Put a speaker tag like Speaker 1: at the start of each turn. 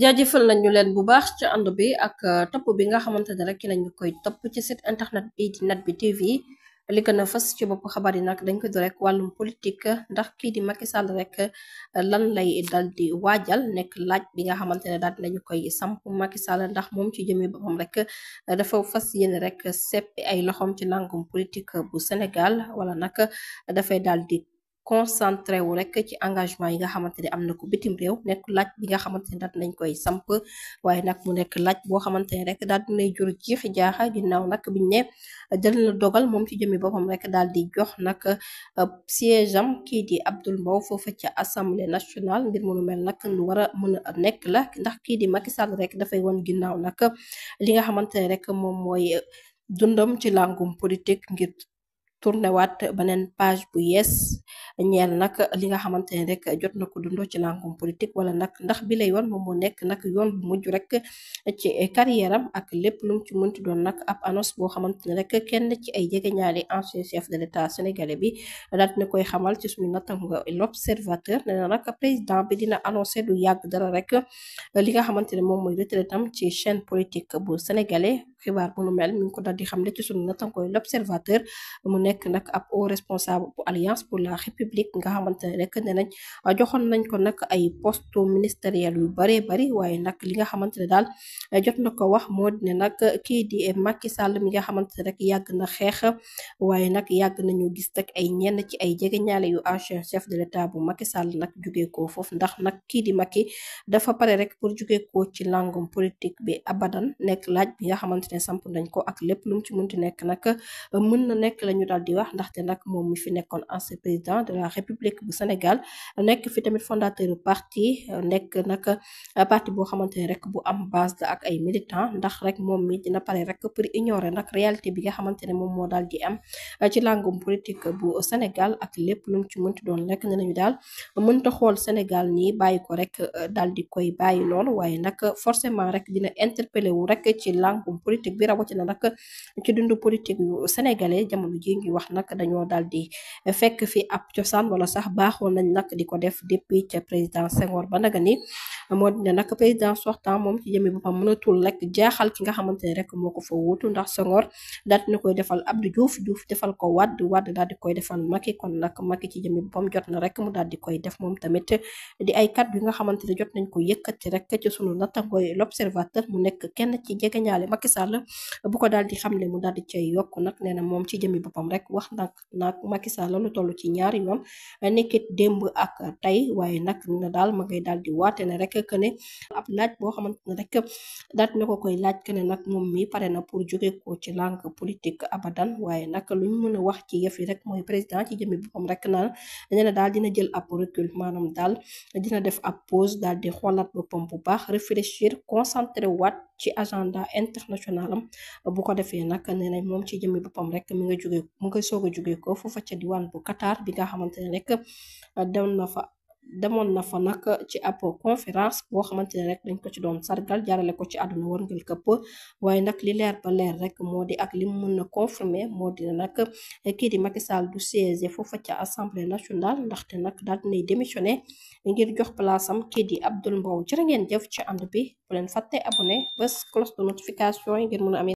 Speaker 1: jaajëfal nañu leen bu baax ci ànd bi ak euh, topp bi nga xamante ne rek ci lañu koy topp ci site internet bi di Bi TV li gën a fas ci bopp xabaar yi nag dañ ko do wàllum politique ndax kii di Macky Sall rek euh, lan lay dal di waajal nekk laaj bi nga xamante ne daal nañu koy samp Macky Sall ndax moom ci jëmi boppam rek euh, dafa fas yéene rek seppi ay loxoom ci nangum politique bu Sénégal wala nag dafay daal di concentré wu rek ci engagement yi nga xamante ne am na ko bitim réew nekk laaj bi nga xamante ne daal nañ koy samp waaye nag mu nekk laaj boo xamante ne rek daal dinay jur jiixi jaaxa ginnaaw nag biñ ne jël dogal moom ci jëmi boppam rek daal di jox nag uh, siège am kii di Abdoul Mbow foofa ca assemblée nationale ngir mënu mel nag lu war a mën a nekk la ndax kii di Macky Sall rek dafay won ginnaaw nag li nga xamante ne rek moom mooy uh, dundam ci langum politique ngir tournewaat beneen page bu yees ñeel nag li nga xamante ne rek jot na ko dundoo ci nangum politique wala nag ndax bi lay yoon moom moo nekk nag yoon bu mujj rek ci carrière am ak lépp lu ci mënti doon nag ab annonce boo xamante ne rek kenn ci ay jegeñaale ancien chef de l'état sénégalais bi daal na koy xamal ci suñu nattango l'observateur nee na nag président bi dina annoncé du yàgg dara rek li nga xamante ne moom mooy retraite am ci chaîne politique bu sénégalais xibaar bu nu mi mu nekk nag ab haut responsable bu alliance pour la république nga xamante ne rek ne nañ joxoon nañ ko nag ay poste ministériel yu baree bari waaye nag li nga xamante ne daal jot na ko wax moo ne nag kii di Macky Sall mi nga xamante ne rek yàgg na xeex waaye nag yàgg nañu gis rek ay ñenn ci ay ñaale yu ancien chef de l'état bu Macky Sall nag jugee ko foofu ndax nag kii di Macky dafa pare rek pour jugee ko ci langum politique bi abadan nekk laaj bi nga xamante ne samp nañ ko ak lépp lu mu ci munti nekk nag la ñu daal di wax ndaxte nag moom mi fi nekkoon ancien président de la république bu Sénégal nekk fi tamit fondateur parti nekk nag parti boo xamante ne rek bu am base ak ay militant ndax rek moom mi dina pare rek pour ignorer nag réalité bi nga xamante ne moom moo daal di am ci langum politique bu Sénégal ak lépp lu mu ci munti doon lekk ne nañu daal mënta xool Sénégal nii bàyyi ko rek daal di koy bàyyi noonu waaye nag forcément rek dina interpellé wu rek ci langum politique politique bi rawatina nag ci dundu politique yu sénégalais jamono ji ngi wax nag dañoo daal di fekk fi ab cosaan wala sax baaxoon nañ nag di ko def depuis ca président Senghor ba naga ni moo dina nag président sortant moom ci jëmee boppam mënatul rek jaaxal ki nga xamante ne rek moo ko fa wuutu ndax Senghor daal dina koy defal Abdou Diouf Diouf defal ko Wade Wade daal di koy defal Macky kon nag Macky ci jëmee boppam jot na rek mu daal di koy def moom tamit di ay kàddu yi nga xamante ne jot nañ ko yëkkati rek ci sunu nattangooy l'observateur mu nekk kenn ci jegeñaale Macky Sall Sall bu ko daal di xam le mu daal di cay yokk nag nee na moom ci jëmi boppam rek wax nag nag Macky Sall lu toll ci ñaari yoon nekkit démb ak tey waaye nag na daal ma daal di waate rek que ne ab laaj boo xamante ne rek daal na ko koy laaj que ne nag moom mi pare na pour jóge ko ci langue politique abadan waaye nag lu ñu mën a wax ci yëf yi rek mooy président ci jëmi boppam rek naan nee na daal dina jël ab recul maanaam daal dina def ab pose daal di xoolaat pam bu baax réfléchir concentré ci agenda international am bu ko defee nag nee nañ moom ci jëmmi boppam rek mi nga jóge mu nga soog a jóge ko foofa ca diwaan bu Qatar bi nga xamante ne rek dem na fa. demoon na fa nag ci ab conférence boo xamante ne rek dañ ko ci doon sargal jaarale ko ci àdduna wërngal këpp waaye nag li leer ba leer rek moo di ak li mun na a confirmer moo di nag kii di Macky Sall du siège foofa ca assemblée nationale ndaxte nag daal dinay démissionné ngir jox place am kii di Abdoul Mbow jërë ngeen jëf ci ànd bi bu leen fàtte abonné bés cloche de notification yi ngir mën a